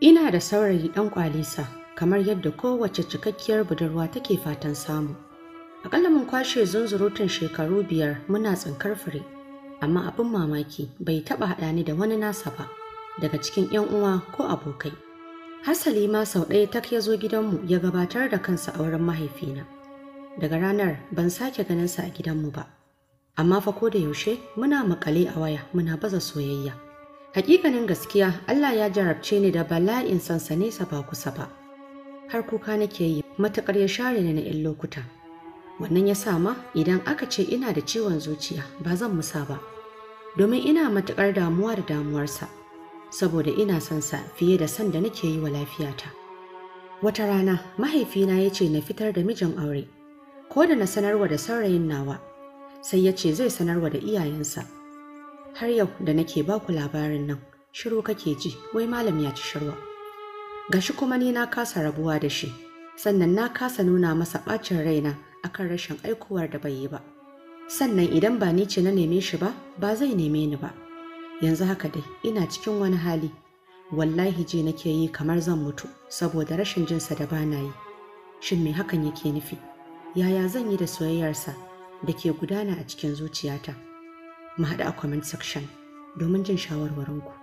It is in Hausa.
Ina da saurayi ɗan kwalisa kamar yadda kowace cikakkiyar budurwa take fatan samu. aƙalla mun kwashe zunzurutun shekaru biyar muna tsinkar fure, amma abin mamaki bai taɓa haɗa ni da wani nasa ba, daga cikin 'yan uwa ko abokai. Hasali ma sau ɗaya tak ya zo gidanmu ya gabatar da kansa a wurin mahaifina. Daga ranar ban sake ganinsa a gidanmu ba. Amma fa ko da yaushe muna maƙale a waya muna baza soyayya. Hakikanin gaskiya Allah ya jarabce ni da bala'in sansa nesa ba kusa ba. Har kuka nake yi matuƙar ya share ni na 'yan lokuta. Wannan ya sa ma idan aka ce ina da ciwon zuciya ba zan musa ba. Domin ina matuƙar damuwa da damuwarsa. Saboda ina son fiye da san da nake yi wa lafiyata. Wata rana mahaifina ya ce na fitar da mijin aure. Ko da na sanarwa da saurayin nawa, sai ya ce zai sanarwa da iyayensa. har yau da nake ba ku labarin nan shiru kake ji wai malam ya ci shirwa gashi kuma ni na kasa rabuwa da shi sannan na kasa nuna masa ɓacin raina akan rashin aikowar da bai yi ba sannan idan ba ni ce na neme shi ba ba zai neme ni ba yanzu haka dai ina cikin wani hali wallahi je nake yi kamar zan mutu saboda rashin jinsa da bana yi shin me hakan yake nufi yaya zan yi da soyayyarsa da ke gudana a cikin zuciyata mu haɗu a comment section domin jin shawarwarinku.